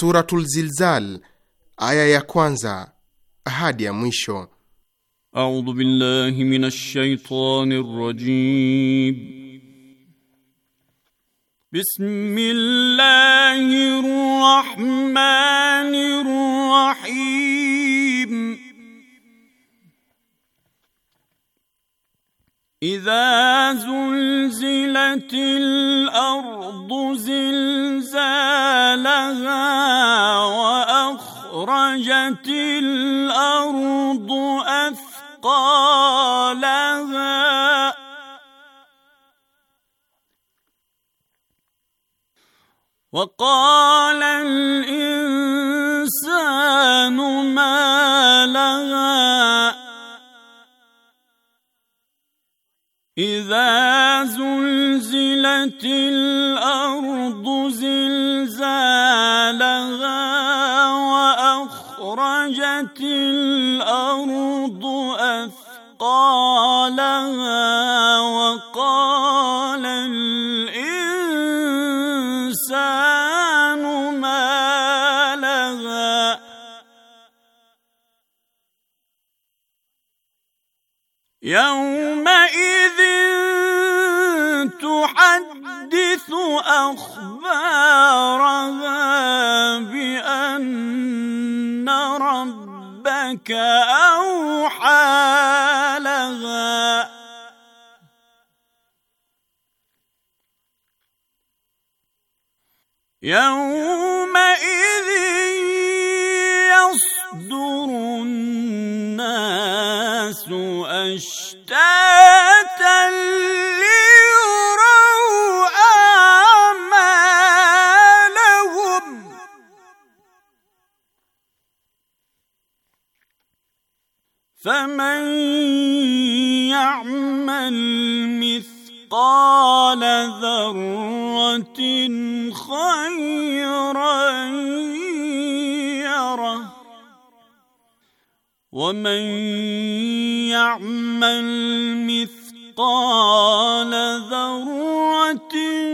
Suratul Zilzal aya ya kwanza hadi ya mwisho. A'udhu billahi minash shaitanir rajim. Bismillahir rahmanir rahim. إذا زلزلت ardu زلزالها قالها وقال الإنسان ما لها إذا زلزلت الأرض زلزالها أخرجت الأرض أثقالها وقال الإنسان ما لها يومئذ تحدث أخبارها ربك أوحى لها يومئذ فمن يعمل مثقال ذره خيرا يره ومن يعمل مثقال ذره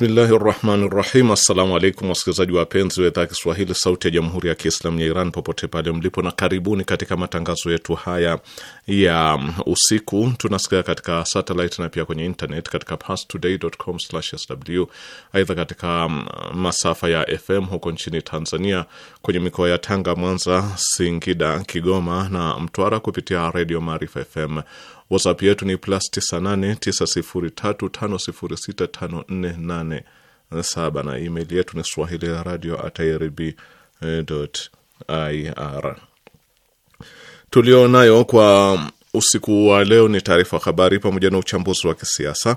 Bismillahi rahmani rahim. Assalamu alaikum wasikilizaji wapenzi wa idhaa ya Kiswahili sauti ya jamhuri ya Kiislamu ya Iran popote pale mlipo, na karibuni katika matangazo yetu haya ya usiku. Tunasikia katika satellite na pia kwenye internet katika pastodaycom sw Aidha, katika mm, masafa ya FM huko nchini Tanzania kwenye mikoa ya Tanga, Mwanza, Singida, Kigoma na Mtwara kupitia redio Maarifa FM WhatsApp yetu ni plus 989035065487 na email yetu ni swahili radio atirib eh, ir. Tulio nayo kwa usiku wa leo ni taarifa habari pamoja na uchambuzi wa kisiasa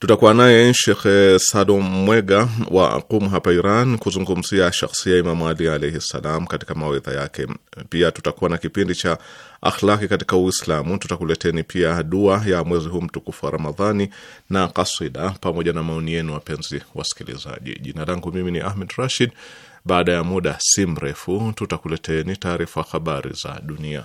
Tutakuwa naye Shekhe eh, Sadum Mwega wa Qum hapa Iran kuzungumzia shakhsia Imamu Ali alaihi ssalam katika mawaidha yake. Pia tutakuwa na kipindi cha akhlaki katika Uislamu. Tutakuleteni pia dua ya mwezi huu mtukufu wa Ramadhani na kasida pamoja na maoni yenu, wapenzi wasikilizaji. Jina langu mimi ni Ahmed Rashid. Baada ya muda si mrefu, tutakuleteni taarifa habari za dunia.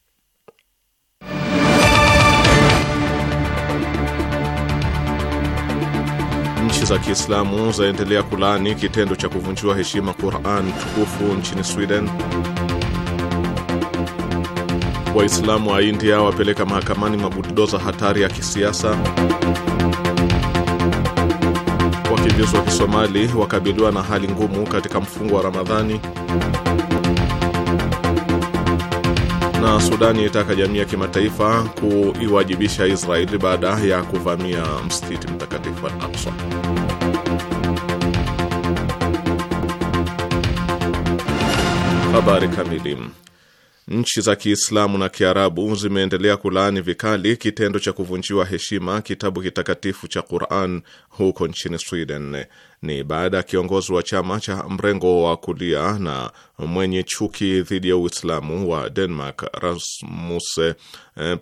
za Kiislamu zaendelea kulaani kitendo cha kuvunjiwa heshima Qur'an tukufu nchini Sweden. Waislamu wa India wapeleka mahakamani mabulldoza hatari ya kisiasa. Wakimbizi wa Kisomali wakabiliwa na hali ngumu katika mfungo wa Ramadhani. Na Sudani itaka jamii ya kimataifa kuiwajibisha Israeli baada ya kuvamia msikiti mtakatifu Al-Aqsa. Habari kamili. Nchi za Kiislamu na Kiarabu zimeendelea kulaani vikali kitendo cha kuvunjiwa heshima kitabu kitakatifu cha Quran huko nchini Sweden. Ni baada ya kiongozi wa chama cha mrengo wa kulia na mwenye chuki dhidi ya Uislamu wa Denmark, Rasmus eh,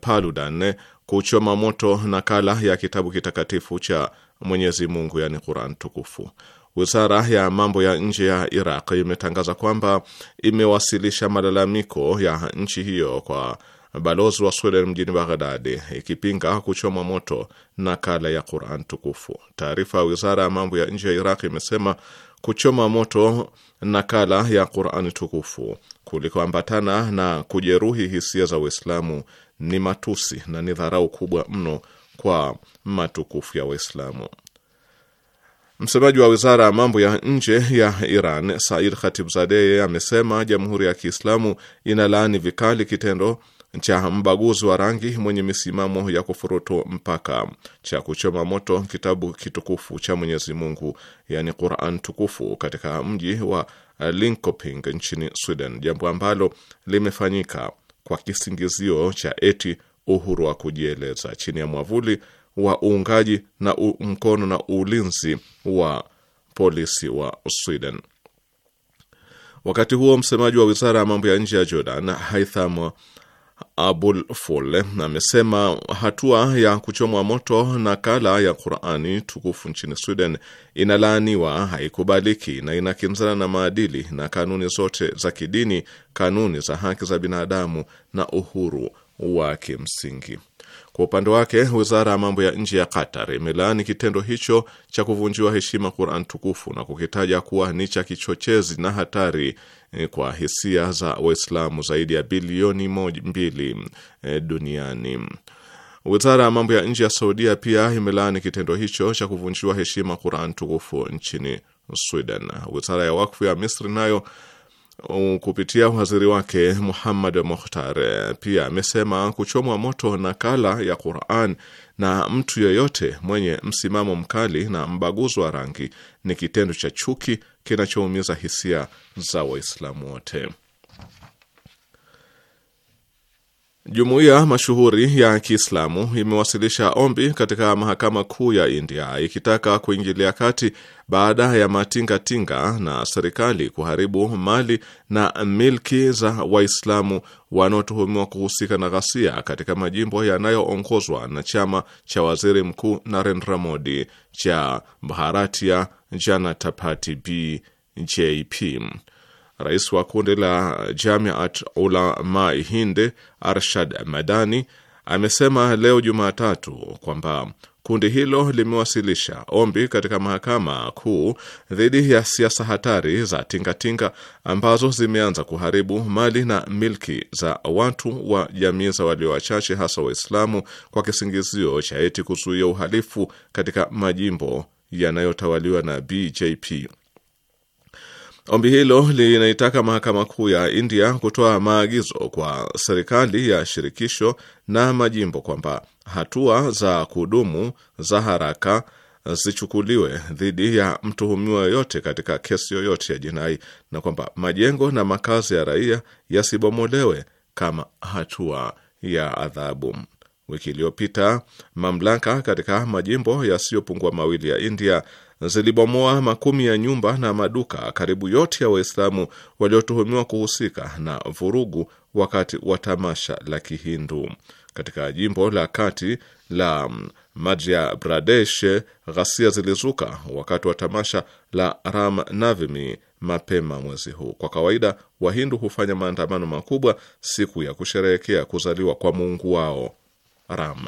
Paludan, kuchoma moto nakala ya kitabu kitakatifu cha Mwenyezi Mungu, yani Quran tukufu. Wizara ya mambo ya nje ya Iraq imetangaza kwamba imewasilisha malalamiko ya nchi hiyo kwa balozi wa Sweden mjini Baghdadi ikipinga kuchomwa moto nakala ya Quran tukufu. Taarifa ya wizara ya mambo ya nje ya Iraq imesema kuchoma moto nakala ya Quran tukufu kulikoambatana na kujeruhi hisia za Uislamu ni matusi na ni dharau kubwa mno kwa matukufu ya Waislamu. Msemaji wa wizara ya mambo ya nje ya Iran, Said Khatibzadeh, amesema Jamhuri ya Kiislamu inalaani vikali kitendo cha mbaguzi wa rangi mwenye misimamo ya kufurutu mpaka cha kuchoma moto kitabu kitukufu cha Mwenyezi Mungu, yani Quran tukufu katika mji wa Linkoping nchini Sweden, jambo ambalo limefanyika kwa kisingizio cha eti uhuru wa kujieleza chini ya mwavuli wa uungaji na mkono na ulinzi wa polisi wa Sweden. Wakati huo msemaji wa wizara ya mambo ya nje ya Jordan, Haitham Abul amesema hatua ya kuchomwa moto nakala ya Qurani tukufu nchini Sweden inalaaniwa, haikubaliki na inakinzana na maadili na kanuni zote za kidini, kanuni za haki za binadamu na uhuru wa kimsingi. Kwa upande wake, wizara ya mambo ya nje ya Qatar imelaani kitendo hicho cha kuvunjiwa heshima Quran tukufu na kukitaja kuwa ni cha kichochezi na hatari eh, kwa hisia za Waislamu zaidi ya bilioni mbili eh, duniani. Wizara ya mambo ya nje ya Saudia pia imelaani kitendo hicho cha kuvunjiwa heshima Quran tukufu nchini Sweden. Wizara ya wakfu ya Misri nayo kupitia waziri wake Muhammad Mukhtar. Pia amesema kuchomwa moto nakala ya Quran na mtu yeyote mwenye msimamo mkali na mbaguzi wa rangi ni kitendo cha chuki kinachoumiza hisia za Waislamu wote. Jumuiya mashuhuri ya Kiislamu imewasilisha ombi katika mahakama kuu ya India ikitaka kuingilia kati baada ya matingatinga na serikali kuharibu mali na milki za Waislamu wanaotuhumiwa kuhusika na ghasia katika majimbo yanayoongozwa na chama cha waziri mkuu Narendra Modi cha Bharatiya Janata Party BJP. Rais wa kundi la Jamiat Ulama Hind Arshad Madani amesema leo Jumatatu kwamba kundi hilo limewasilisha ombi katika mahakama kuu dhidi ya siasa hatari za tingatinga ambazo zimeanza kuharibu mali na milki za watu wa jamii za walio wachache hasa Waislamu kwa kisingizio cha eti kuzuia uhalifu katika majimbo yanayotawaliwa na BJP. Ombi hilo linaitaka mahakama kuu ya India kutoa maagizo kwa serikali ya shirikisho na majimbo kwamba hatua za kudumu za haraka zichukuliwe dhidi ya mtuhumiwa yoyote katika kesi yoyote ya jinai na kwamba majengo na makazi ya raia yasibomolewe kama hatua ya adhabu. Wiki iliyopita mamlaka katika majimbo yasiyopungua mawili ya India zilibomoa makumi ya nyumba na maduka karibu yote ya Waislamu waliotuhumiwa kuhusika na vurugu wakati wa tamasha la Kihindu katika jimbo la kati la mm, Madhya Pradesh. Ghasia zilizuka wakati wa tamasha la Ram Navami mapema mwezi huu. Kwa kawaida, Wahindu hufanya maandamano makubwa siku ya kusherehekea kuzaliwa kwa mungu wao Ram.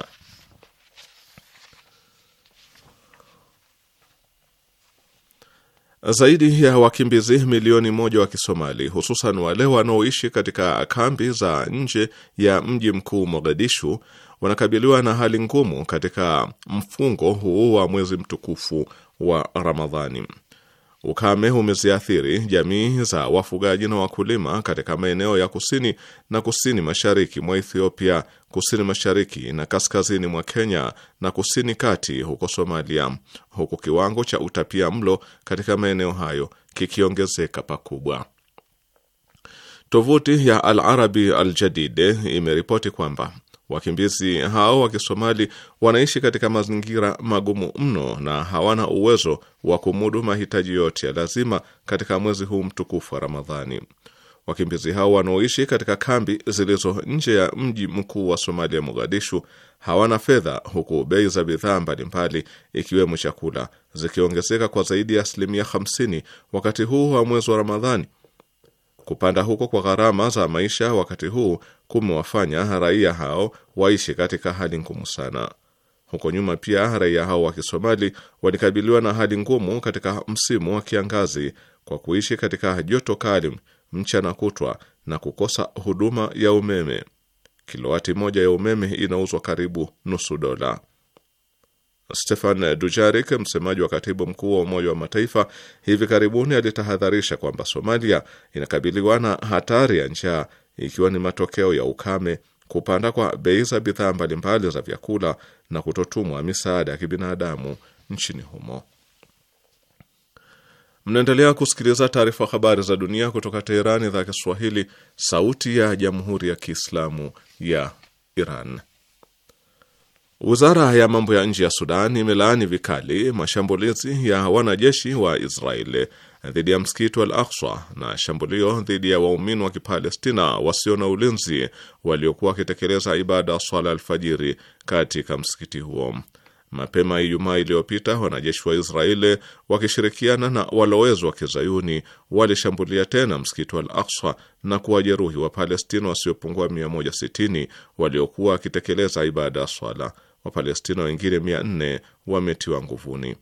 Zaidi ya wakimbizi milioni moja wa Kisomali, hususan wale wanaoishi katika kambi za nje ya mji mkuu Mogadishu, wanakabiliwa na hali ngumu katika mfungo huu wa mwezi mtukufu wa Ramadhani. Ukame umeziathiri jamii za wafugaji na wakulima katika maeneo ya kusini na kusini mashariki mwa Ethiopia kusini mashariki na kaskazini mwa Kenya na kusini kati huko Somalia, huku kiwango cha utapia mlo katika maeneo hayo kikiongezeka pakubwa. Tovuti ya Al Arabi Al Jadide imeripoti kwamba wakimbizi hao wa Kisomali wanaishi katika mazingira magumu mno na hawana uwezo wa kumudu mahitaji yote ya lazima katika mwezi huu mtukufu wa Ramadhani. Wakimbizi hao wanaoishi katika kambi zilizo nje ya mji mkuu wa Somalia, Mogadishu, hawana fedha, huku bei za bidhaa mbalimbali ikiwemo chakula zikiongezeka kwa zaidi ya asilimia 50 wakati huu wa mwezi wa Ramadhani. Kupanda huko kwa gharama za maisha wakati huu kumewafanya raia hao waishi katika hali ngumu sana. Huko nyuma pia raia hao wa Kisomali walikabiliwa na hali ngumu katika msimu wa kiangazi kwa kuishi katika joto kali mchana kutwa na kukosa huduma ya umeme, kilowati moja ya umeme inauzwa karibu nusu dola. Stefan Dujarik, msemaji wa katibu mkuu wa Umoja wa Mataifa, hivi karibuni alitahadharisha kwamba Somalia inakabiliwa na hatari ya njaa ikiwa ni matokeo ya ukame, kupanda kwa bei za bidhaa mbalimbali za vyakula na kutotumwa misaada ya kibinadamu nchini humo. Mnaendelea kusikiliza taarifa habari za dunia kutoka Teherani, idhaa ya Kiswahili, sauti ya jamhuri ya kiislamu ya Iran. Wizara ya mambo ya nje ya Sudan imelaani vikali mashambulizi ya wanajeshi wa Israeli dhidi ya msikiti wa Al Akswa na shambulio dhidi ya waumini wa Kipalestina wasio na ulinzi waliokuwa wakitekeleza ibada swala alfajiri katika msikiti huo. Mapema Ijumaa iliyopita wanajeshi wa Israeli wakishirikiana na walowezi wa kizayuni walishambulia tena msikiti wa Al na kuwajeruhi wa Palestina wasiopungua 160 waliokuwa wakitekeleza ibada ya swala. Wapalestina wengine 400 wametiwa nguvuni.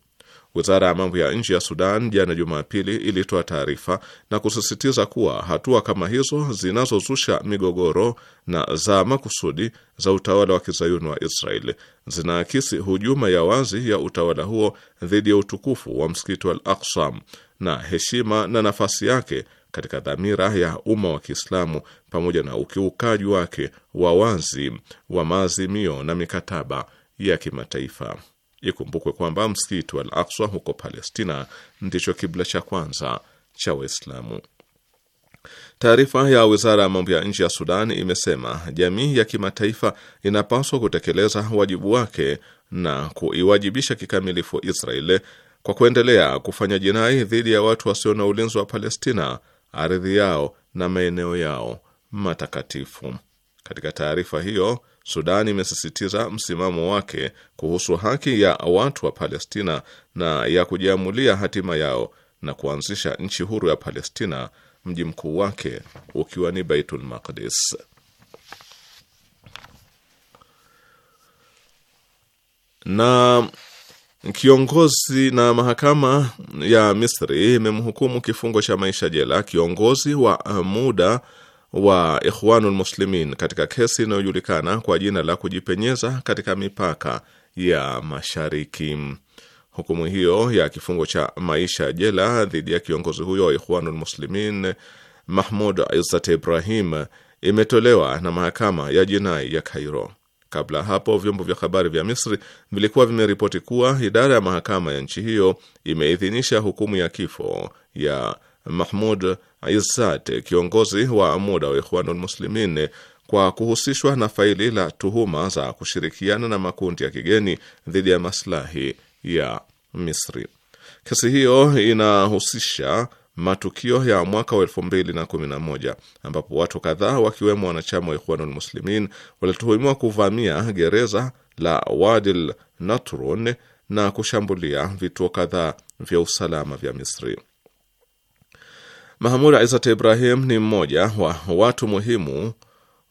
Wizara ya mambo ya nje ya Sudan jana Jumapili ilitoa taarifa na kusisitiza kuwa hatua kama hizo zinazozusha migogoro na za makusudi za utawala wa kizayuni wa israel zinaakisi hujuma ya wazi ya utawala huo dhidi ya utukufu wa msikiti wa Al-Aqsa na heshima na nafasi yake katika dhamira ya umma wa Kiislamu pamoja na ukiukaji wake wa wazi wa maazimio na mikataba ya kimataifa. Ikumbukwe kwamba msikiti wa Al Akswa huko Palestina ndicho kibla cha kwanza cha Waislamu. Taarifa ya wizara ya mambo ya nje ya Sudan imesema jamii ya kimataifa inapaswa kutekeleza wajibu wake na kuiwajibisha kikamilifu Israeli kwa kuendelea kufanya jinai dhidi ya watu wasio na ulinzi wa Palestina, ardhi yao na maeneo yao matakatifu. Katika taarifa hiyo Sudan imesisitiza msimamo wake kuhusu haki ya watu wa Palestina na ya kujiamulia hatima yao na kuanzisha nchi huru ya Palestina, mji mkuu wake ukiwa ni Baitul Maqdis. Na kiongozi na mahakama ya Misri imemhukumu kifungo cha maisha jela kiongozi wa muda wa Ikhwanul Muslimin katika kesi inayojulikana kwa jina la kujipenyeza katika mipaka ya mashariki. Hukumu hiyo ya kifungo cha maisha jela dhidi ya kiongozi huyo wa Ikhwanul Muslimin Mahmud Izzat Ibrahim imetolewa na mahakama ya jinai ya Kairo. Kabla hapo vyombo vya habari vya Misri vilikuwa vimeripoti kuwa idara ya mahakama ya nchi hiyo imeidhinisha hukumu ya kifo ya Mahmud Izzat, kiongozi wa muda wa Ikhwanul Muslimin, kwa kuhusishwa na faili la tuhuma za kushirikiana na makundi ya kigeni dhidi ya maslahi ya Misri. Kesi hiyo inahusisha matukio ya mwaka wa elfu mbili na kumi na moja ambapo watu kadhaa wakiwemo wanachama wa Ikhwanul Muslimin walituhumiwa kuvamia gereza la Wadil Natrun na kushambulia vituo kadhaa vya usalama vya Misri. Mahamud isat Ibrahim ni mmoja wa watu muhimu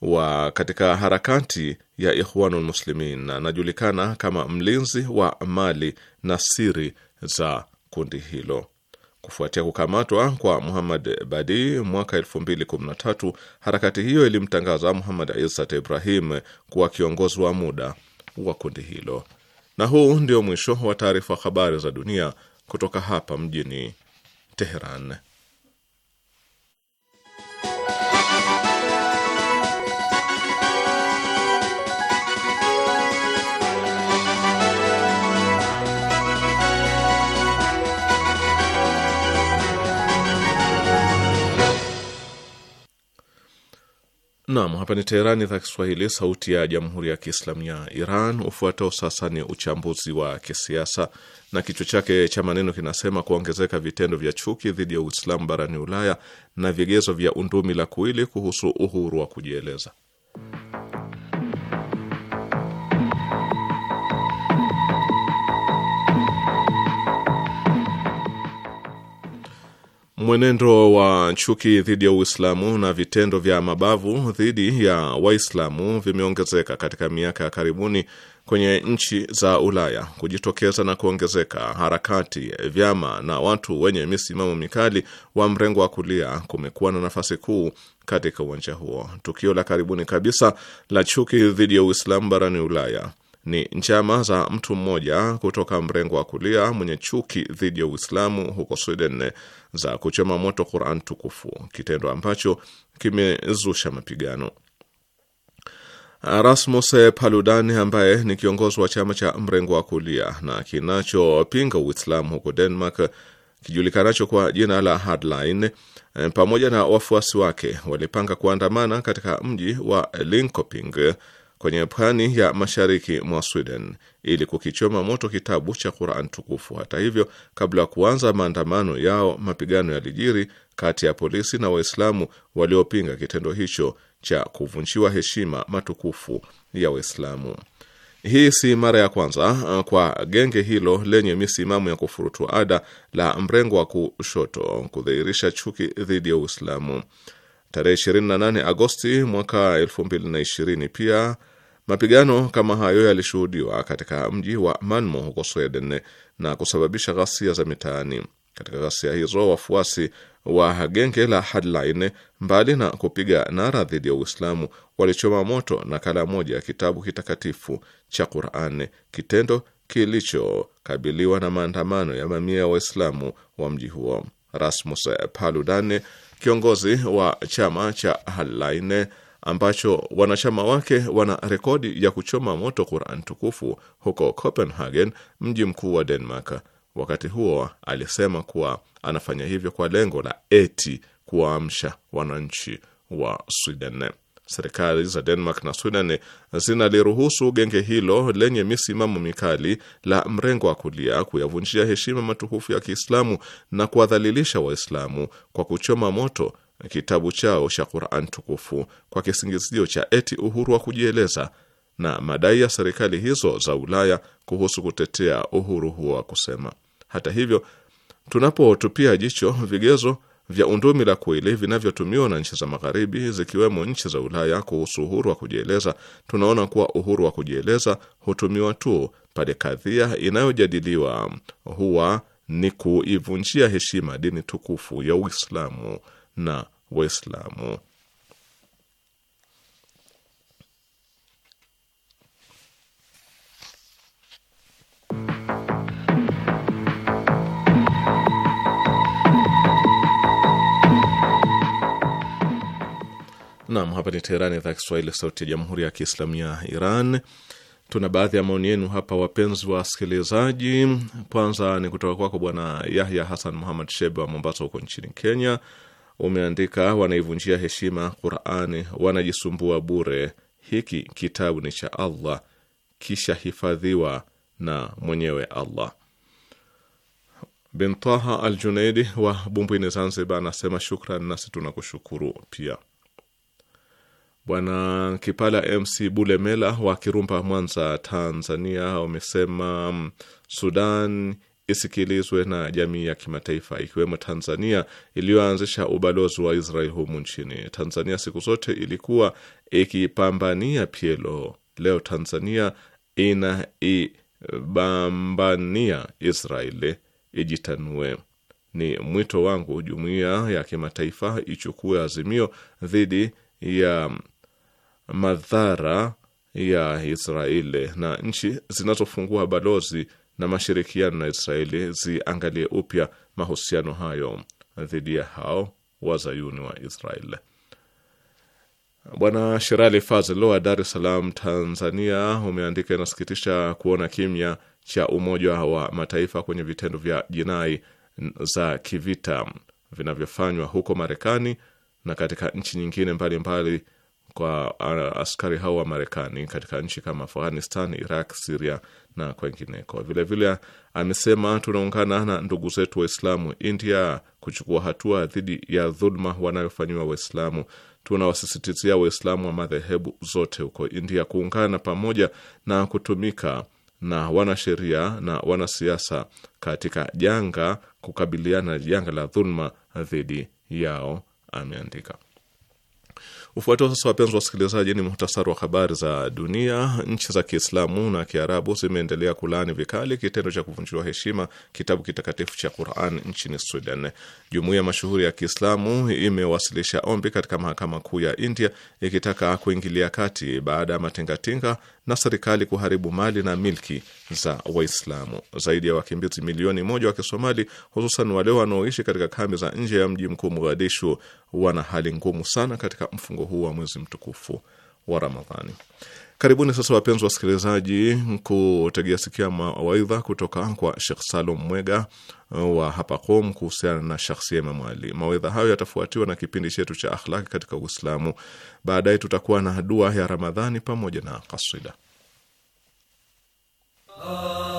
wa katika harakati ya Ikhwanul Muslimin na anajulikana kama mlinzi wa mali na siri za kundi hilo. Kufuatia kukamatwa kwa Muhammad Badi mwaka 2013, harakati hiyo ilimtangaza Muhammad isat Ibrahim kuwa kiongozi wa muda wa kundi hilo. Na huu ndio mwisho wa taarifa habari za dunia kutoka hapa mjini Teheran. Naam, hapa ni Teherani, idhaa Kiswahili, sauti ya jamhuri ya kiislamu ya Iran. Ufuatao sasa ni uchambuzi wa kisiasa na kichwa chake cha maneno kinasema kuongezeka vitendo vya chuki dhidi ya Uislamu barani Ulaya na vigezo vya undumi la kuili kuhusu uhuru wa kujieleza. Mwenendo wa chuki dhidi ya Uislamu na vitendo vya mabavu dhidi ya Waislamu vimeongezeka katika miaka ya karibuni kwenye nchi za Ulaya. Kujitokeza na kuongezeka harakati, vyama na watu wenye misimamo mikali wa mrengo wa kulia kumekuwa na nafasi kuu katika uwanja huo. Tukio la karibuni kabisa la chuki dhidi ya Uislamu barani Ulaya ni njama za mtu mmoja kutoka mrengo wa kulia mwenye chuki dhidi ya Uislamu huko Sweden za kuchoma moto Quran tukufu, kitendo ambacho kimezusha mapigano. Rasmus Paludan ambaye ni kiongozi wa chama cha mrengo wa kulia na kinachopinga Uislamu huko Denmark kijulikanacho kwa jina la Hardline pamoja na wafuasi wake walipanga kuandamana katika mji wa Linkoping kwenye pwani ya mashariki mwa Sweden ili kukichoma moto kitabu cha Quran tukufu. Hata hivyo, kabla ya kuanza maandamano yao, mapigano yalijiri kati ya polisi na Waislamu waliopinga kitendo hicho cha kuvunjiwa heshima matukufu ya Waislamu. Hii si mara ya kwanza uh, kwa genge hilo lenye misimamo ya kufurutu ada la mrengo wa kushoto kudhihirisha chuki dhidi ya Uislamu. Tarehe 28 Agosti mwaka 2020 pia mapigano kama hayo yalishuhudiwa katika mji wa Malmo huko Sweden na kusababisha ghasia za mitaani. Katika ghasia hizo wafuasi wa genge la Hardline, mbali na kupiga nara dhidi ya Uislamu, walichoma moto nakala moja ya kitabu kitakatifu cha Qur'an, kitendo kilichokabiliwa na maandamano ya mamia ya Waislamu wa mji huo. Rasmus Paludane kiongozi wa chama cha Halaine ambacho wanachama wake wana rekodi ya kuchoma moto Quran tukufu huko Copenhagen, mji mkuu wa Denmark. Wakati huo alisema kuwa anafanya hivyo kwa lengo la eti kuwaamsha wananchi wa Sweden. Serikali za Denmark na Sweden zinaliruhusu genge hilo lenye misimamo mikali la mrengo wa kulia kuyavunjia heshima matukufu ya Kiislamu na kuwadhalilisha Waislamu kwa kuchoma moto kitabu chao cha Quran tukufu kwa kisingizio cha eti uhuru wa kujieleza na madai ya serikali hizo za Ulaya kuhusu kutetea uhuru huo wa kusema. Hata hivyo, tunapotupia jicho vigezo vya undumi la kuili vinavyotumiwa na nchi za Magharibi zikiwemo nchi za Ulaya kuhusu uhuru wa kujieleza, tunaona kuwa uhuru wa kujieleza hutumiwa tu pale kadhia inayojadiliwa huwa ni kuivunjia heshima dini tukufu ya Uislamu na Waislamu. Naam, hapa ni Teherani, idhaa Kiswahili, sauti ya jamhuri ya kiislamu ya Iran. Tuna baadhi ya maoni yenu hapa, wapenzi wa wasikilizaji. Kwanza ni kutoka kwako Bwana Yahya Hasan Muhamad Shebe wa Mombasa huko nchini Kenya. Umeandika, wanaivunjia heshima Qurani, wanajisumbua bure. Hiki kitabu ni cha Allah, hifadhiwa na mwenyewe Allah. Bintaha Al Junaidi wa Bumbwini, Zanzibar, anasema shukran, nasi tunakushukuru pia. Bwana Kipala MC Bulemela wa Kirumba, Mwanza, Tanzania, wamesema mm, Sudan isikilizwe na jamii ya kimataifa ikiwemo Tanzania iliyoanzisha ubalozi wa Israel humu nchini. Tanzania siku zote ilikuwa ikipambania PLO. Leo Tanzania inaibambania Israeli ijitanue. Ni mwito wangu jumuiya ya kimataifa ichukue azimio dhidi ya mm, madhara ya Israeli na nchi zinazofungua balozi na mashirikiano na Israeli ziangalie upya mahusiano hayo dhidi ya hao wazayuni wa israel Bwana Shirali Fazelo wa Dar es Salaam, Tanzania, umeandika inasikitisha kuona kimya cha Umoja wa Mataifa kwenye vitendo vya jinai za kivita vinavyofanywa huko Marekani na katika nchi nyingine mbalimbali mbali kwa ah, askari hao wa Marekani katika nchi kama Afghanistan, Iraq, Siria na kwengineko. Vilevile amesema tunaungana na ndugu zetu Waislamu India kuchukua hatua dhidi ya dhuluma wanayofanyiwa Waislamu. Tunawasisitizia Waislamu wa madhehebu zote huko India kuungana pamoja na kutumika na wanasheria na wanasiasa katika janga kukabiliana na janga la dhuluma dhidi yao, ameandika. Ufuatao sasa, wapenzi wasikilizaji, ni muhtasari wa habari za dunia. Nchi za Kiislamu na Kiarabu zimeendelea kulaani vikali kitendo cha kuvunjiwa heshima kitabu kitakatifu cha Quran nchini Sweden. Jumuiya mashuhuri ya Kiislamu imewasilisha ombi katika mahakama kuu ya India ikitaka kuingilia kati baada ya matingatinga na serikali kuharibu mali na milki za Waislamu. Zaidi ya wakimbizi milioni moja wa Kisomali, hususan wale wanaoishi katika kambi za nje ya mji mkuu Mogadishu, wana hali ngumu sana katika mfungo huu wa mwezi mtukufu wa Ramadhani. Karibuni sasa wapenzi wasikilizaji, kutegea sikia mawaidha kutoka kwa Shekh Salum Mwega uh, wa hapa Qom kuhusiana na shakhsia Imamu Ali. Mawaidha hayo yatafuatiwa na kipindi chetu cha akhlaki katika Uislamu. Baadaye tutakuwa na dua ya Ramadhani pamoja na kasida. Ah.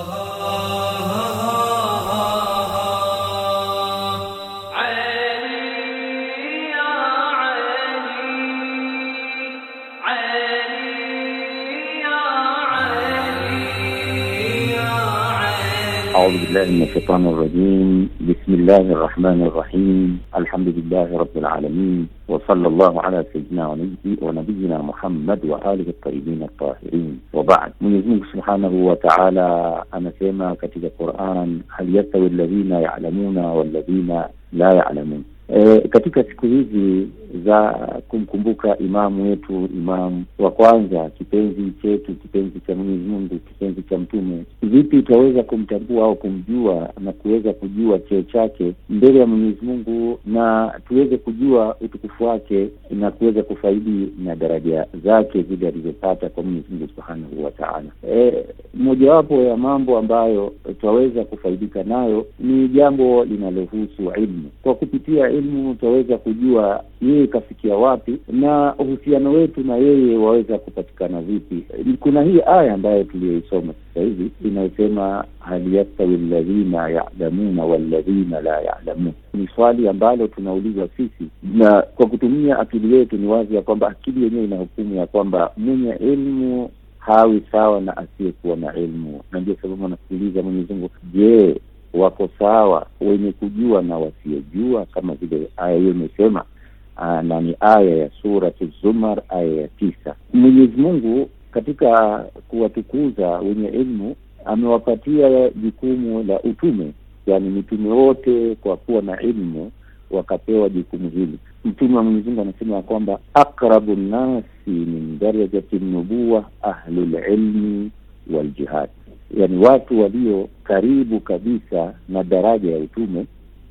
أعوذ بالله من الشيطان الرجيم بسم الله الرحمن الرحيم الحمد لله رب العالمين وصلى الله على سيدنا ونبي ونبينا محمد وآله الطيبين الطاهرين وبعد من يزمك سبحانه وتعالى أنا سيما كتب القرآن هل يستوي الذين يعلمون والذين لا يعلمون إيه، كتب سكوهيزي za kumkumbuka imamu wetu, imamu wa kwanza, kipenzi chetu, kipenzi cha Mwenyezi Mungu, kipenzi cha Mtume. Vipi tunaweza kumtambua au kumjua na kuweza kujua cheo chake mbele ya Mwenyezi Mungu na tuweze kujua utukufu wake na kuweza kufaidi na daraja zake vile alizopata kwa Mwenyezi Mungu subhanahu wa taala. E, mojawapo ya mambo ambayo twaweza kufaidika nayo ni jambo linalohusu ilmu. Kwa kupitia ilmu twaweza kujua ye yeye ikafikia wapi na uhusiano wetu na yeye waweza kupatikana vipi. Kuna hii aya ambayo tuliyoisoma sasa hivi inayosema hal yastawi lladhina yalamuna walladhina la yalamun. Ni swali ambalo tunaulizwa sisi, na kwa kutumia akili yetu ni wazi ya kwamba akili yenyewe ina hukumu ya kwamba mwenye elimu hawi sawa na asiyekuwa na elimu, na ndio sababu anasikiliza Mwenyezi Mungu, je, wako sawa wenye kujua na wasiojua, kama vile aya hiyo imesema Ah, na ni aya ya Suratu Zumar aya ya tisa. Mwenyezi Mungu katika kuwatukuza wenye ilmu amewapatia jukumu la utume, yani mitume wote kwa kuwa na ilmu wakapewa jukumu hili. Mtume wa Mwenyezi Mungu anasema ya kwamba akrabu nnasi min darajati nubuwa ahlulilmi waljihad, yani watu walio karibu kabisa na daraja ya utume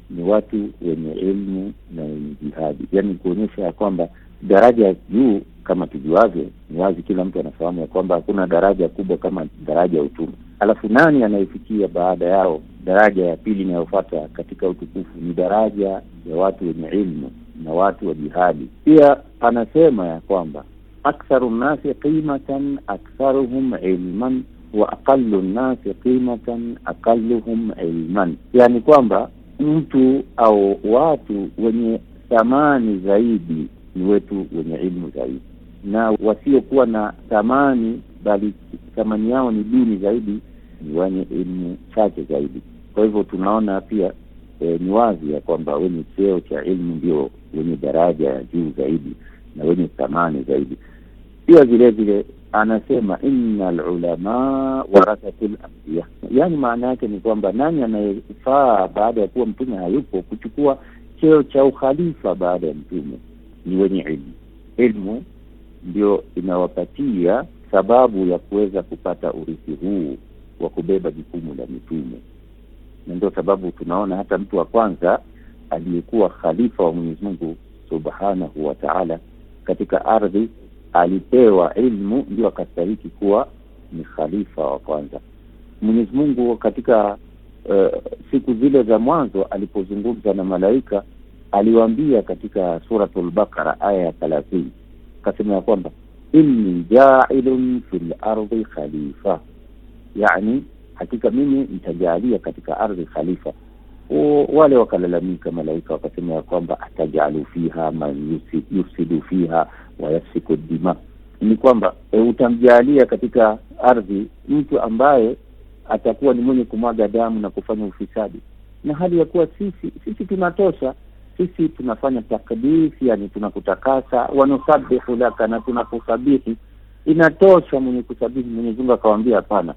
ni watu wenye elimu na wenye jihadi, yaani kuonyesha ya kwamba daraja juu kama tujuavyo, ni wazi, kila mtu anafahamu ya kwamba hakuna daraja kubwa kama daraja ya utume. Alafu nani anayefikia baada yao? Daraja ya pili inayofata katika utukufu ni daraja ya watu wenye ilmu na watu wa jihadi. Pia anasema ya kwamba aktharu nnasi qimatan aktharuhum ilman wa aqalu nnasi qimatan aqaluhum ilman, yani kwamba mtu au watu wenye thamani zaidi ni wetu wenye ilmu zaidi, na wasiokuwa na thamani bali thamani yao ni duni zaidi ni wenye ilmu chache zaidi. Kwa hivyo tunaona pia e, ni wazi ya kwamba wenye cheo cha ilmu ndio wenye daraja ya juu zaidi na wenye thamani zaidi. Pia vilevile anasema inna ulama warathatu anbiya, yaani maana yake ni kwamba nani anayefaa baada ya kuwa mtume hayupo kuchukua cheo cha ukhalifa baada ya mtume? Ni wenye ilmu. Ilmu ndio inawapatia sababu ya kuweza kupata urithi huu wa kubeba jukumu la mitume, na ndio sababu tunaona hata mtu wa kwanza aliyekuwa khalifa wa Mwenyezi Mungu Subhanahu wa Ta'ala katika ardhi alipewa ilmu ndio akastahiki kuwa ni khalifa wa kwanza. Mwenyezi Mungu katika uh, siku zile za mwanzo alipozungumza na malaika aliwaambia katika Suratul Bakara aya ya thalathini akasema ya kwamba inni jailun fil ardi khalifa, yani hakika mimi nitajalia katika ardhi khalifa. O, wale wakalalamika malaika wakasema ya kwamba atajalu fiha man yufsidu fiha wayasiku dima, ni kwamba e, utamjaalia katika ardhi mtu ambaye atakuwa ni mwenye kumwaga damu na kufanya ufisadi, na hali ya kuwa sisi sisi tunatosha sisi tunafanya takdisi yani tunakutakasa, wanusabihu laka, na tunakusabihi inatosha. Mwenye kusabihi Mwenyezi akawambia hapana,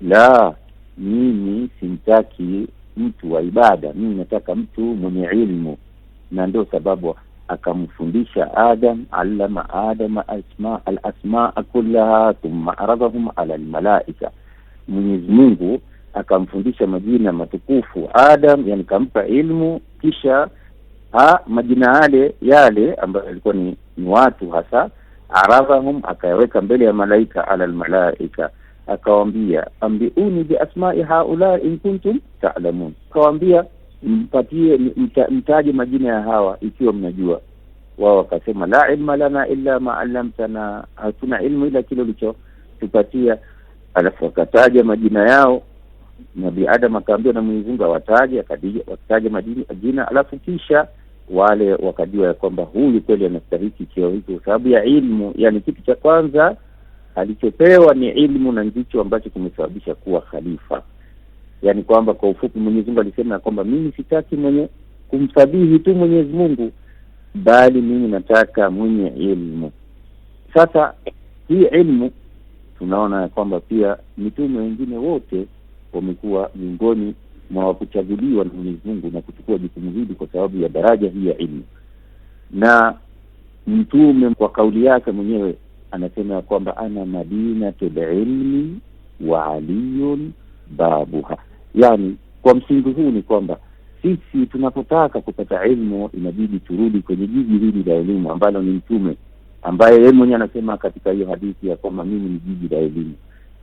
la, mimi simtaki mtu wa ibada, mimi nataka mtu mwenye ilmu, na ndio sababu akamfundisha Adam, allama Adama asma alasmaa kullaha thumma aradhahum ala almalaika, Mwenyezi Mungu akamfundisha majina matukufu Adam, yani kampa ilmu kisha ha, majina yale yale ambayo yalikuwa ni, ni watu hasa aradhahum akayaweka mbele ya malaika ala almalaika akawambia ambiuni bi asma'i haula in kuntum ta'lamun, akawambia mpatie mtaje majina ya hawa ikiwa mnajua. Wao wakasema la ilma lana illa ma allamtana, hatuna ilmu ila kile ulichotupatia. Alafu wakataja majina yao. Nabii Adam akaambiwa na Mwenyezi Mungu awataje, wakataja majina, alafu kisha wale wakajua ya kwamba huyu kweli anastahiki cheo hiki kwa sababu ya ilmu. Yani kitu cha kwanza alichopewa ni ilmu, na ndicho ambacho kimesababisha kuwa khalifa yaani kwamba kwa ufupi Mwenyezi Mungu alisema ya kwamba mimi sitaki mwenye kumsabihi tu Mwenyezi Mungu bali mimi nataka mwenye ilmu. Sasa hii ilmu tunaona ya kwamba pia mitume wengine wote wamekuwa miongoni mwa kuchaguliwa na Mwenyezi Mungu na kuchukua jukumu hili kwa sababu ya daraja hii ya ilmu. Na mtume kwa kauli yake mwenyewe anasema ya kwamba ana madinatul ilmi wa aliyun babuha Yani kwa msingi huu ni kwamba sisi tunapotaka kupata elimu inabidi turudi kwenye jiji hili la elimu ambalo ni Mtume ambaye yeye mwenyewe anasema katika hiyo hadithi ya kwamba mimi ni jiji la elimu,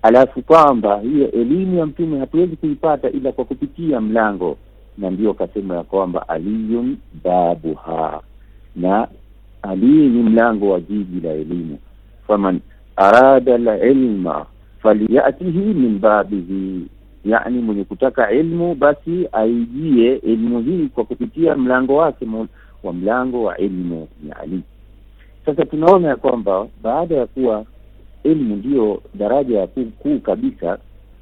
alafu kwamba hiyo elimu ya Mtume hatuwezi kuipata ila kwa kupitia mlango, na ndiyo kasema ya kwamba aliyun babuha, na aliye ni mlango wa jiji la elimu. Faman arada la ilma faliyatihi min babihi yani mwenye kutaka ilmu basi aijie elimu hii kwa kupitia mlango wake wa mlango wa elimu ya Ali. Sasa tunaona ya kwamba baada ya kuwa elimu ndiyo daraja ya kuu kabisa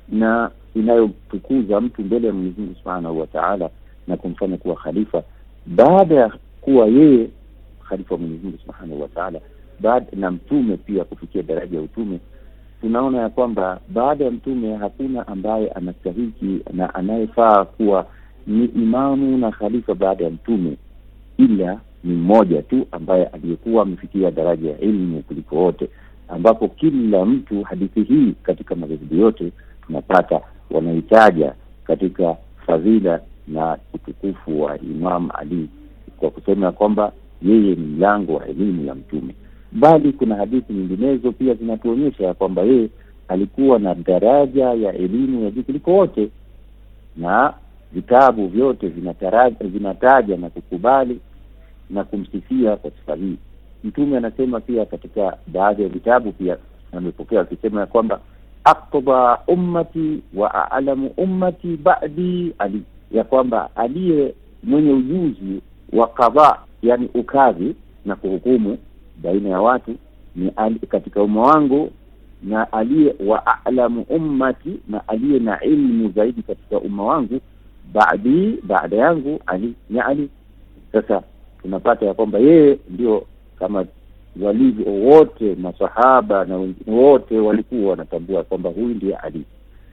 na inayotukuza mtu mbele ya Mwenyezi Mungu Subhanahu wa Ta'ala na kumfanya kuwa khalifa, baada ya kuwa yeye khalifa wa Mwenyezi Mungu Subhanahu wa Ta'ala, baada na mtume pia kufikia daraja ya utume tunaona ya kwamba baada ya mtume hakuna ambaye anastahiki na anayefaa kuwa ni imamu na khalifa baada ya mtume ila ni mmoja tu ambaye aliyekuwa amefikia daraja ya elimu kuliko wote, ambapo kila mtu, hadithi hii katika madhehebu yote tunapata wanahitaja katika fadhila na utukufu wa Imam Ali kwa kusema ya kwamba yeye ni mlango wa elimu ya Mtume bali kuna hadithi nyinginezo pia zinatuonyesha ya kwamba yeye alikuwa na daraja ya elimu ya juu kuliko wote, na vitabu vyote vinataraja, vinataja na kukubali na kumsifia kwa sifa hii. Mtume anasema pia katika baadhi ya vitabu pia amepokea akisema ya kwamba aktaba ummati wa alamu ummati ba'di ali, ya kwamba aliye mwenye ujuzi wa kadhaa yani ukadhi na kuhukumu baina ya watu ni ali, katika umma wangu na aliye wa alamu ummati na aliye na ilmu zaidi katika umma wangu baadi baada yangu Ali ni Ali. Sasa tunapata ya kwamba yeye ndio kama walivyo wote masahaba na wengine wote walikuwa wanatambua kwamba huyu ndiye Ali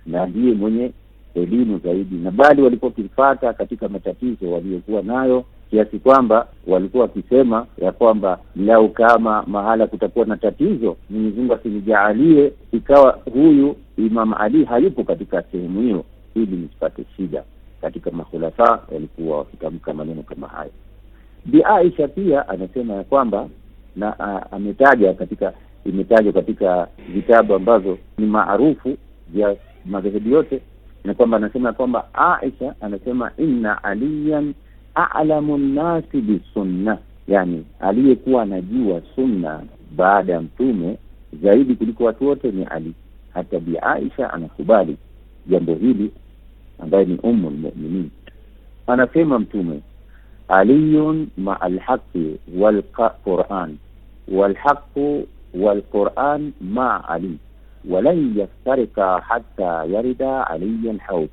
na ndiye mwenye elimu zaidi, na bali walipokifata katika matatizo waliokuwa nayo kiasi kwamba walikuwa wakisema ya kwamba lau kama mahala kutakuwa na tatizo, Mwenyezi Mungu asinijaalie ikawa huyu Imam Ali hayupo katika sehemu hiyo, ili nisipate shida. Katika makhulafa walikuwa wakitamka maneno kama hayo. Bi Aisha pia anasema ya kwamba na a, ametaja katika imetajwa katika vitabu ambavyo ni maarufu vya madhehebu yote, na kwamba anasema kwamba Aisha anasema inna aliyan a'lamu nnasi bisunna, yani aliyekuwa anajua sunna baada ya mtume zaidi kuliko watu wote ni Ali. Hata bi Aisha anakubali jambo hili, ambaye ni umu lmuminin. Anasema mtume aliyun maa alhaqi walquran walhaqu walquran maa ali walan yaftarika hata yarida aliyan haut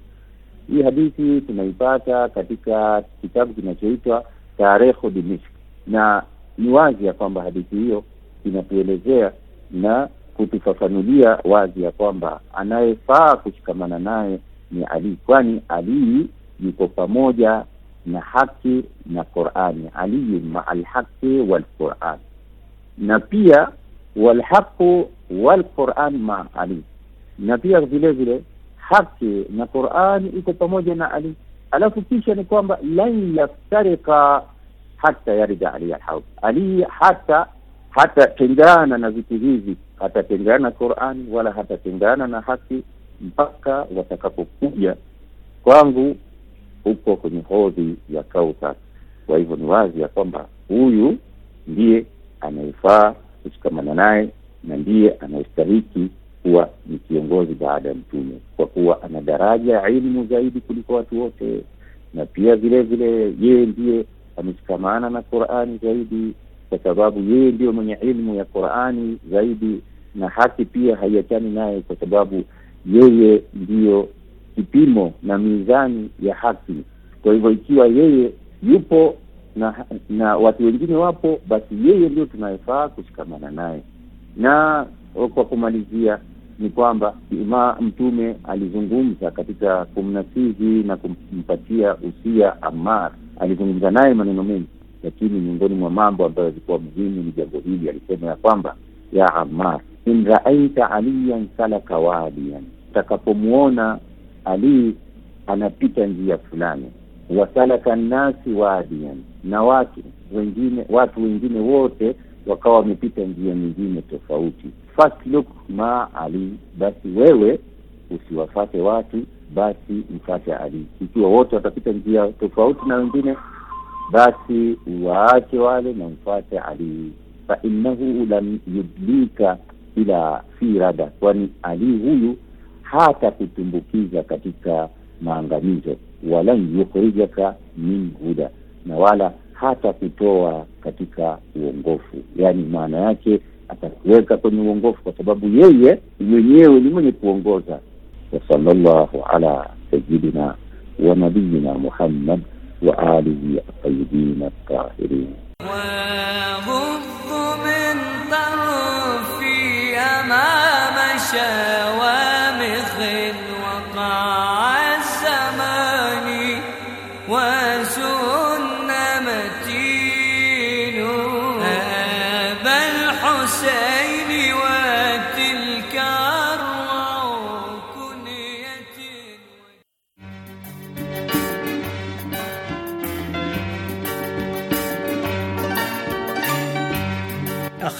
hii hadithi tunaipata katika kitabu kinachoitwa Tarekhu Dimishk, na ni wazi ya kwamba hadithi hiyo inatuelezea na kutufafanulia wazi ya kwamba anayefaa kushikamana naye ni Ali, kwani Ali yuko pamoja na haki na Qur'ani, Ali ma alhaqi walquran na pia walhaqu walquran maa ma Ali, na pia vile vile haki na Qur'ani iko pamoja na Ali. Alafu kisha ni kwamba lan yaftarika hata yarja Ali alhaud Ali hata hatatengana na vitu hivi, hatatengana na Qur'ani wala hatatengana na haki mpaka watakapokuja kwangu huko kwenye hodhi ya Kauthar. Kwa hivyo ni wazi ya kwamba huyu ndiye anayefaa kushikamana naye na ndiye anayestahiki kuwa ni kiongozi baada ya Mtume, kwa kuwa ana daraja ya ilmu zaidi kuliko watu wote, na pia vile vile yeye ndiye ameshikamana na Qur'ani zaidi, kwa sababu yeye ndiyo mwenye ilmu ya Qur'ani zaidi, na haki pia haiachani naye, kwa sababu yeye ndiyo kipimo na mizani ya haki. Kwa hivyo ikiwa yeye yupo na na watu wengine wapo, basi yeye ndio tunayefaa kushikamana naye. Na kwa kumalizia ni kwamba ima Mtume alizungumza katika kumnasihi na kumpatia usia Ammar, alizungumza naye maneno mengi, lakini miongoni mwa mambo ambayo yalikuwa muhimu ni jambo hili. Alisema ya kwamba ya Ammar, in raaita aliyan salaka wadian, utakapomwona Ali anapita njia fulani, wasalaka nnasi wadian, na watu wengine watu wengine wote wakawa wamepita njia nyingine tofauti first look ma Ali, basi wewe usiwafate watu, basi mfate Ali. Ikiwa wote watapita njia tofauti na wengine, basi waache wale na mfate Ali. Fa innahu lam yudlika ila fi rada, kwani Ali huyu hata kutumbukiza katika maangamizo, walan yukhrijaka min huda, na wala hata kutoa katika uongofu. Yani maana yake atakuweka kwenye uongofu kwa sababu yeye mwenyewe ni mwenye kuongoza wasallallahu ala sayidina wa nabiyina muhammad wa alihi atayibin atahirin وغض من طرفي أمام شواهد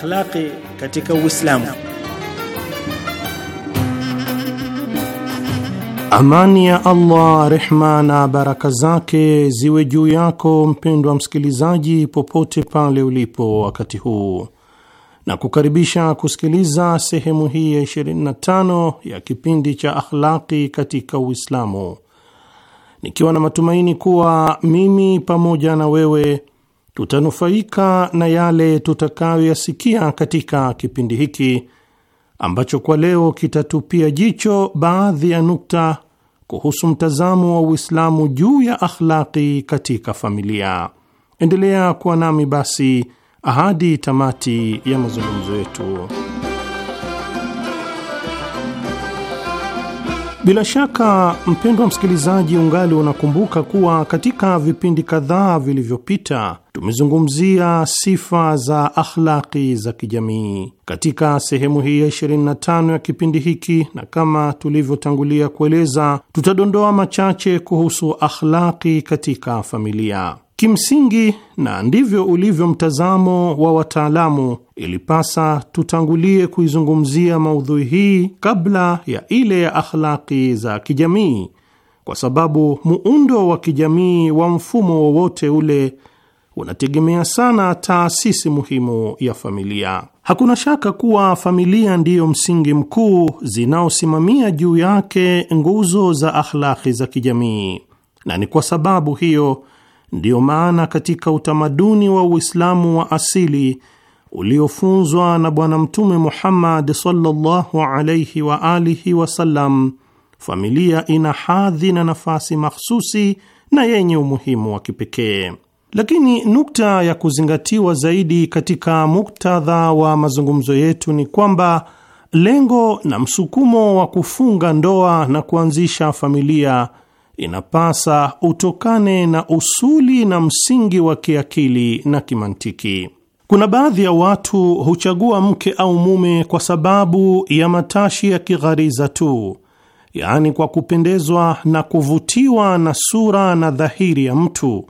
akhlaqi katika Uislamu. Amani ya Allah, rehma na baraka zake ziwe juu yako mpendwa msikilizaji, popote pale ulipo wakati huu, na kukaribisha kusikiliza sehemu hii ya 25 ya kipindi cha akhlaqi katika Uislamu, nikiwa na matumaini kuwa mimi pamoja na wewe tutanufaika na yale tutakayoyasikia katika kipindi hiki ambacho kwa leo kitatupia jicho baadhi ya nukta kuhusu mtazamo wa Uislamu juu ya akhlaqi katika familia. Endelea kuwa nami basi ahadi tamati ya mazungumzo yetu. Bila shaka mpendwa msikilizaji, ungali unakumbuka kuwa katika vipindi kadhaa vilivyopita tumezungumzia sifa za akhlaki za kijamii. Katika sehemu hii ya 25 ya kipindi hiki, na kama tulivyotangulia kueleza, tutadondoa machache kuhusu akhlaki katika familia. Kimsingi, na ndivyo ulivyo mtazamo wa wataalamu, ilipasa tutangulie kuizungumzia maudhui hii kabla ya ile ya akhlaki za kijamii, kwa sababu muundo wa kijamii wa mfumo wowote ule unategemea sana taasisi muhimu ya familia. Hakuna shaka kuwa familia ndiyo msingi mkuu zinaosimamia juu yake nguzo za akhlaki za kijamii, na ni kwa sababu hiyo Ndiyo maana katika utamaduni wa Uislamu wa asili uliofunzwa na Bwana Mtume Muhammad sallallahu alayhi wa alihi wasallam, familia ina hadhi na nafasi mahsusi na yenye umuhimu wa kipekee. Lakini nukta ya kuzingatiwa zaidi katika muktadha wa mazungumzo yetu ni kwamba lengo na msukumo wa kufunga ndoa na kuanzisha familia inapasa utokane na usuli na msingi wa kiakili na kimantiki. Kuna baadhi ya watu huchagua mke au mume kwa sababu ya matashi ya kighariza tu, yaani kwa kupendezwa na kuvutiwa na sura na dhahiri ya mtu,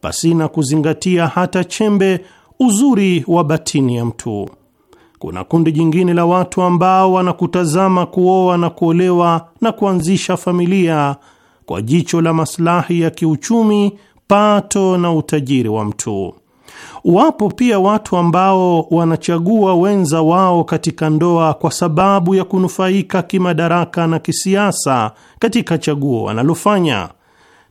pasina kuzingatia hata chembe uzuri wa batini ya mtu. Kuna kundi jingine la watu ambao wanakutazama kuoa na kuolewa na kuanzisha familia kwa jicho la maslahi ya kiuchumi, pato na utajiri wa mtu. Wapo pia watu ambao wanachagua wenza wao katika ndoa kwa sababu ya kunufaika kimadaraka na kisiasa katika chaguo wanalofanya,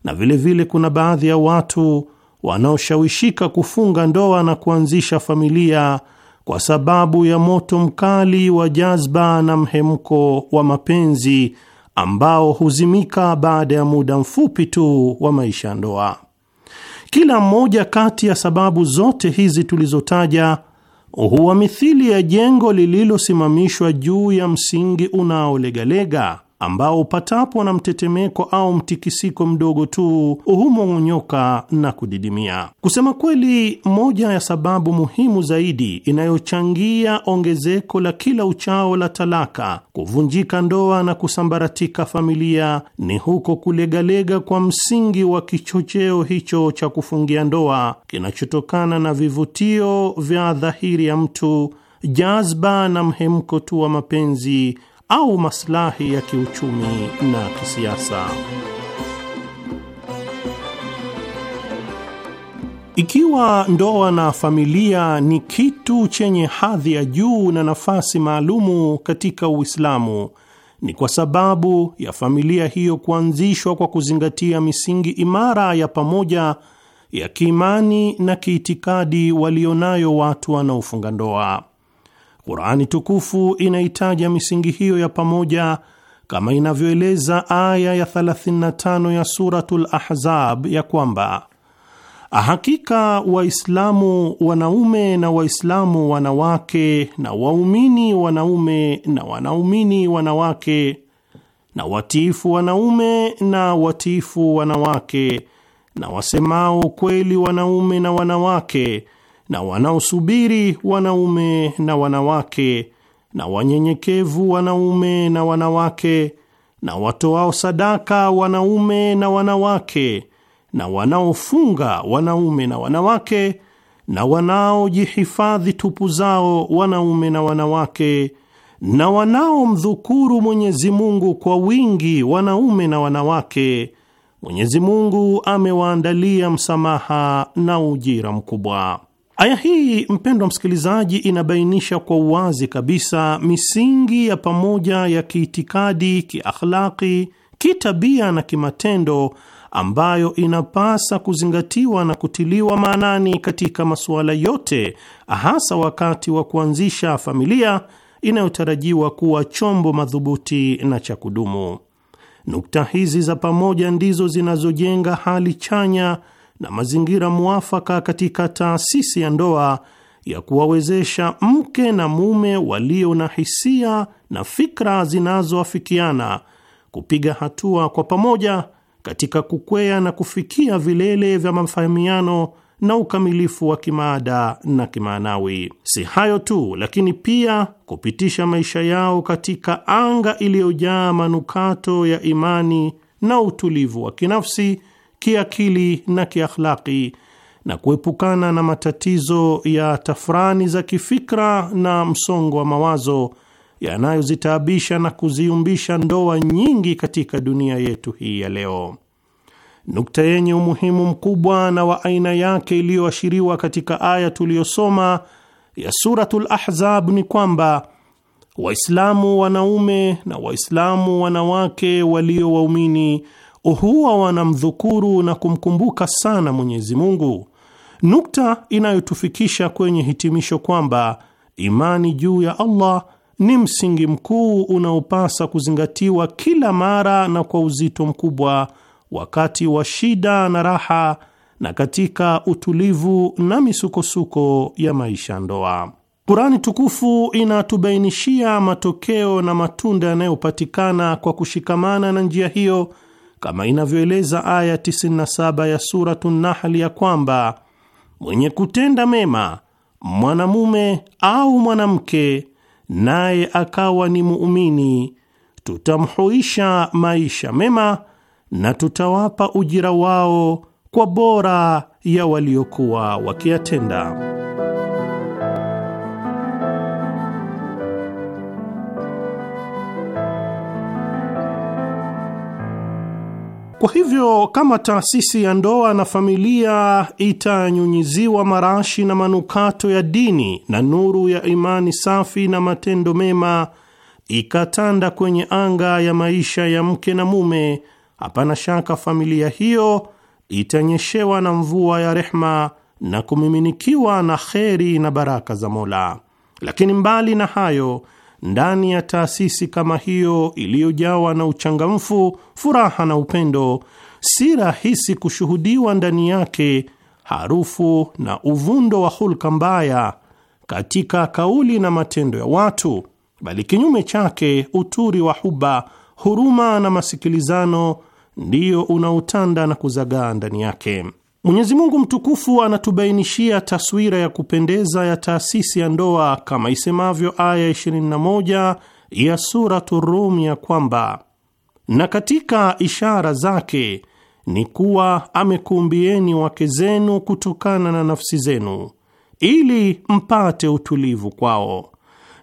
na vilevile vile kuna baadhi ya watu wanaoshawishika kufunga ndoa na kuanzisha familia kwa sababu ya moto mkali wa jazba na mhemko wa mapenzi ambao huzimika baada ya muda mfupi tu wa maisha ya ndoa. Kila mmoja kati ya sababu zote hizi tulizotaja huwa mithili ya jengo lililosimamishwa juu ya msingi unaolegalega ambao upatapo na mtetemeko au mtikisiko mdogo tu humong'onyoka na kudidimia. Kusema kweli, moja ya sababu muhimu zaidi inayochangia ongezeko la kila uchao la talaka, kuvunjika ndoa na kusambaratika familia ni huko kulegalega kwa msingi wa kichocheo hicho cha kufungia ndoa kinachotokana na vivutio vya dhahiri ya mtu, jazba na mhemko tu wa mapenzi au maslahi ya kiuchumi na kisiasa. Ikiwa ndoa na familia ni kitu chenye hadhi ya juu na nafasi maalumu katika Uislamu, ni kwa sababu ya familia hiyo kuanzishwa kwa kuzingatia misingi imara ya pamoja ya kiimani na kiitikadi walionayo watu wanaofunga ndoa. Qurani tukufu inaitaja misingi hiyo ya pamoja kama inavyoeleza aya ya 35 ya Suratul Ahzab ya kwamba hakika Waislamu wanaume na Waislamu wanawake na waumini wanaume na wanaumini wanawake na watiifu wanaume na watiifu wanawake na wasemao kweli wanaume na wanawake na wanaosubiri wanaume na wanawake na wanyenyekevu wanaume na wanawake na watoao sadaka wanaume na wanawake na wanaofunga wanaume na wanawake na wanaojihifadhi tupu zao wanaume na wanawake na wanaomdhukuru Mwenyezi Mungu kwa wingi wanaume na wanawake, Mwenyezi Mungu amewaandalia msamaha na ujira mkubwa. Aya hii mpendwa msikilizaji, inabainisha kwa uwazi kabisa misingi ya pamoja ya kiitikadi, kiakhlaki, kitabia na kimatendo ambayo inapasa kuzingatiwa na kutiliwa maanani katika masuala yote, hasa wakati wa kuanzisha familia inayotarajiwa kuwa chombo madhubuti na cha kudumu. Nukta hizi za pamoja ndizo zinazojenga hali chanya na mazingira muafaka katika taasisi ya ndoa ya kuwawezesha mke na mume walio na hisia na fikra zinazoafikiana kupiga hatua kwa pamoja katika kukwea na kufikia vilele vya mafahamiano na ukamilifu wa kimaada na kimaanawi. Si hayo tu, lakini pia kupitisha maisha yao katika anga iliyojaa manukato ya imani na utulivu wa kinafsi kiakili na kiakhlaki na kuepukana na matatizo ya tafrani za kifikra na msongo wa mawazo yanayozitaabisha na kuziumbisha ndoa nyingi katika dunia yetu hii ya leo. Nukta yenye umuhimu mkubwa na wa aina yake iliyoashiriwa katika aya tuliyosoma ya Suratul Ahzab ni kwamba Waislamu wanaume na Waislamu wanawake walio waumini huwa wanamdhukuru na kumkumbuka sana Mwenyezi Mungu, nukta inayotufikisha kwenye hitimisho kwamba imani juu ya Allah ni msingi mkuu unaopasa kuzingatiwa kila mara na kwa uzito mkubwa, wakati wa shida na raha, na katika utulivu na misukosuko ya maisha ndoa. Kurani tukufu inatubainishia matokeo na matunda yanayopatikana kwa kushikamana na njia hiyo kama inavyoeleza aya 97 ya Suratu Nahli ya kwamba mwenye kutenda mema mwanamume au mwanamke, naye akawa ni muumini, tutamhuisha maisha mema na tutawapa ujira wao kwa bora ya waliokuwa wakiyatenda. Kwa hivyo kama taasisi ya ndoa na familia itanyunyiziwa marashi na manukato ya dini na nuru ya imani safi na matendo mema ikatanda kwenye anga ya maisha ya mke na mume, hapana shaka familia hiyo itanyeshewa na mvua ya rehma na kumiminikiwa na kheri na baraka za Mola. Lakini mbali na hayo ndani ya taasisi kama hiyo iliyojawa na uchangamfu, furaha na upendo, si rahisi kushuhudiwa ndani yake harufu na uvundo wa hulka mbaya katika kauli na matendo ya watu, bali kinyume chake uturi wa huba, huruma na masikilizano ndiyo unaotanda na kuzagaa ndani yake. Mwenyezi Mungu mtukufu anatubainishia taswira ya kupendeza ya taasisi ya ndoa kama isemavyo aya 21 ya suratu Rum ya kwamba, na katika ishara zake ni kuwa amekuumbieni wake zenu kutokana na nafsi zenu ili mpate utulivu kwao,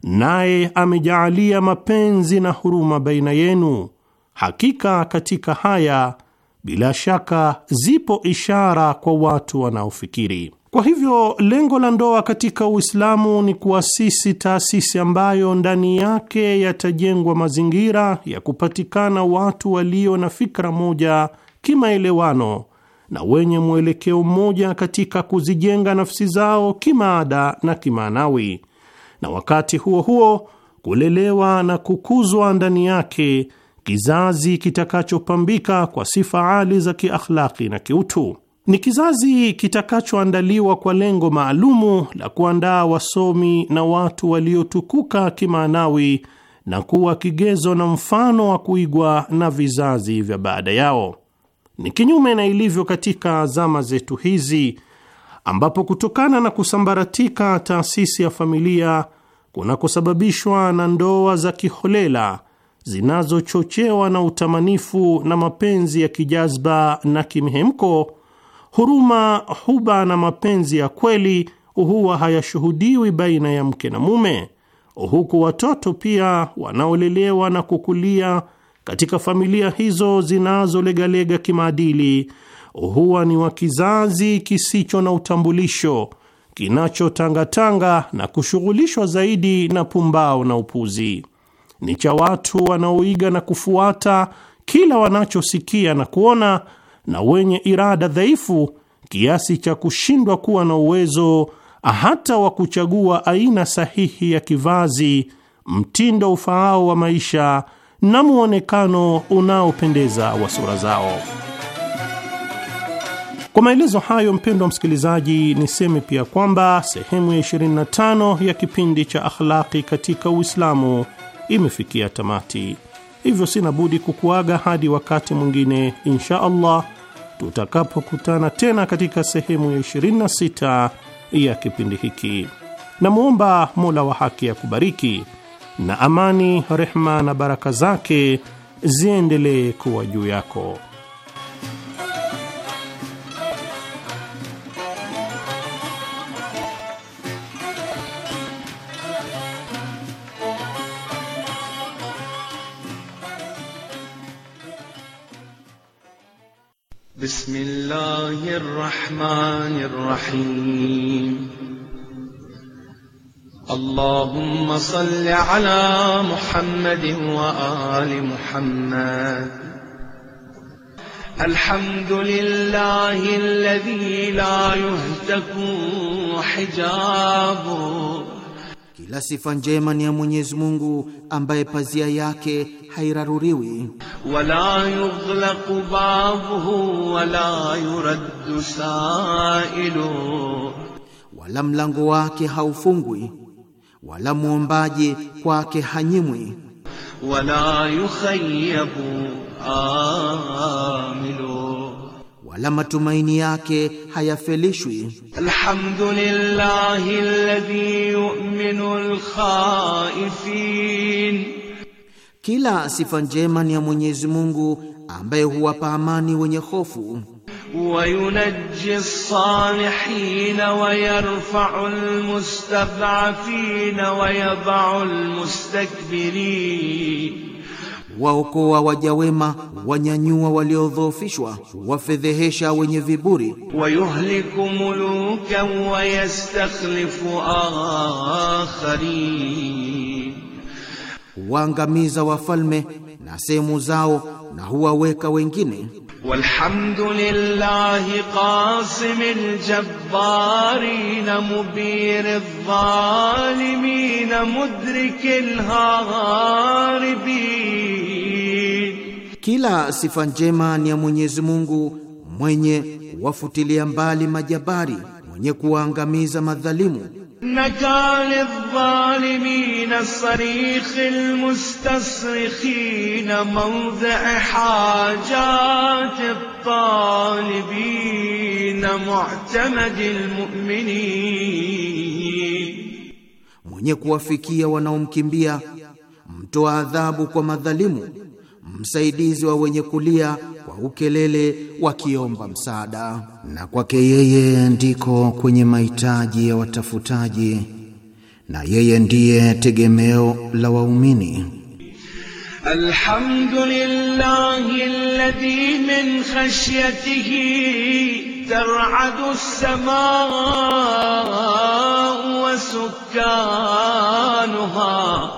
naye amejaalia mapenzi na huruma baina yenu. Hakika katika haya bila shaka zipo ishara kwa watu wanaofikiri. Kwa hivyo lengo la ndoa katika Uislamu ni kuasisi taasisi ambayo ndani yake yatajengwa mazingira ya kupatikana watu walio na fikra moja kimaelewano na wenye mwelekeo mmoja katika kuzijenga nafsi zao kimaada na kimaanawi, na wakati huo huo kulelewa na kukuzwa ndani yake kizazi kitakachopambika kwa sifa ali za kiakhlaki na kiutu. Ni kizazi kitakachoandaliwa kwa lengo maalumu la kuandaa wasomi na watu waliotukuka kimaanawi na kuwa kigezo na mfano wa kuigwa na vizazi vya baada yao. Ni kinyume na ilivyo katika zama zetu hizi ambapo kutokana na kusambaratika taasisi ya familia kunakosababishwa na ndoa za kiholela zinazochochewa na utamanifu na mapenzi ya kijazba na kimhemko, huruma, huba na mapenzi ya kweli huwa hayashuhudiwi baina ya mke na mume, huku watoto pia wanaolelewa na kukulia katika familia hizo zinazolegalega kimaadili huwa ni wa kizazi kisicho na utambulisho, kinachotangatanga na kushughulishwa zaidi na pumbao na upuzi ni cha watu wanaoiga na kufuata kila wanachosikia na kuona, na wenye irada dhaifu kiasi cha kushindwa kuwa na uwezo hata wa kuchagua aina sahihi ya kivazi, mtindo ufaao wa maisha na muonekano unaopendeza wa sura zao. Kwa maelezo hayo, mpendwa msikilizaji, niseme pia kwamba sehemu ya 25 ya kipindi cha Akhlaqi katika Uislamu imefikia tamati, hivyo sina budi kukuaga hadi wakati mwingine insha Allah tutakapokutana tena katika sehemu ya 26 ya kipindi hiki. Namwomba Mola wa haki ya kubariki na amani, rehma na baraka zake ziendelee kuwa juu yako. بسم الله الرحمن الرحيم اللهم صل على محمد وآل محمد الحمد لله الذي لا يهتك حجابه la sifa njema ni ya Mwenyezi Mungu ambaye pazia yake hairaruriwi, wala yughlaqu babuhu wala yuraddu sailu, wala mlango wake haufungwi wala muombaji kwake hanyimwi, wala yukhayyabu amilu wala matumaini yake hayafelishwi. Alhamdulillahi alladhi yu'minu alkhaifin, kila sifa njema ni ya Mwenyezi Mungu ambaye huwapa amani wenye hofu. Wayunajji as-salihin wa yarfa'u al-mustad'afin wa yadh'u al-mustakbirin waokoa wajawema wanyanyua waliodhoofishwa, wafedhehesha wenye viburi. wayuhliku muluka wa yastakhlifu akharin, waangamiza wafalme na sehemu zao na huwaweka wengine والحمد لله قاسم الجبارين مبير الظالمين مدرك الهاربين kila sifa njema ni ya Mwenyezi Mungu mwenye wafutilia mbali majabari mwenye kuwaangamiza madhalimu إنك للظالمين الصريخ المستصرخين موضع حاجات الطالبين معتمد المؤمنين mwenye kuwafikia wanaomkimbia mtoa adhabu kwa madhalimu msaidizi wa wenye kulia kwa ukelele wakiomba msaada, na kwake yeye ndiko kwenye mahitaji ya watafutaji, na yeye ndiye tegemeo la waumini. Alhamdulillahi alladhi min khashyatihi tar'adu as-samaa'u wa sukkanaha,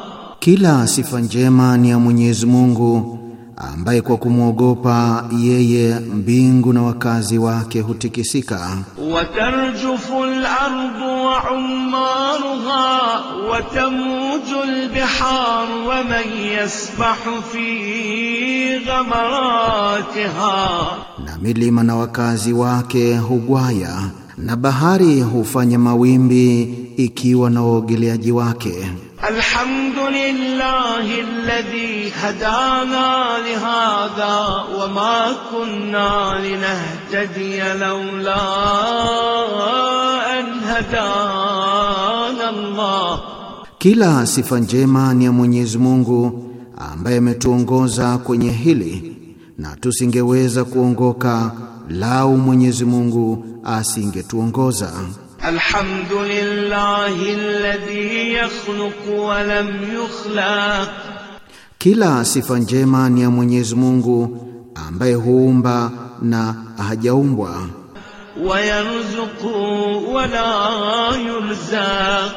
kila sifa njema ni ya Mwenyezi Mungu ambaye kwa kumwogopa yeye mbingu na wakazi wake hutikisika. watarjufu al-ardu wa ummaruha wa tamuju al-bihar wa man yasbahu fi ghamaratiha, na milima na wakazi wake hugwaya na bahari hufanya mawimbi ikiwa na waogeleaji wake. الحمد لله الذي هدانا لهذا وما كنا لنهتدي لولا أن هدانا الله Kila sifa njema ni ya Mwenyezi Mungu ambaye ametuongoza kwenye hili na tusingeweza kuongoka lau Mwenyezi Mungu asingetuongoza. الحمد لله الذي يخلق ولم يخلق yukhlaq, kila sifa njema ni ya Mwenyezi Mungu ambaye huumba na hajaumbwa. Wayarzuqu wala la yurzaq,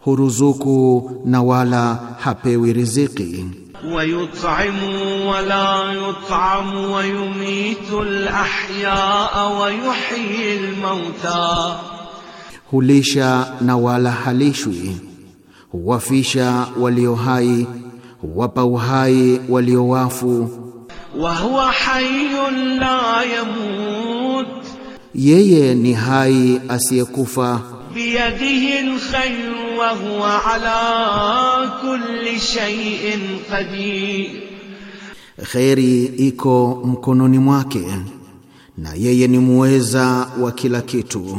huruzuku na wala hapewi riziki. Wayut'imu wala yut'amu, wayumitu al-ahyaa wa yuhyi al-mautaa hulisha na wala halishwi, huwafisha walio hai, huwapa uhai walio wafu. Wa huwa hayyun la yamut, yeye ni hai asiyekufa. Biyadihi alkhayr wa huwa ala kulli shay'in qadir, kheri iko mkononi mwake na yeye ni muweza wa kila kitu.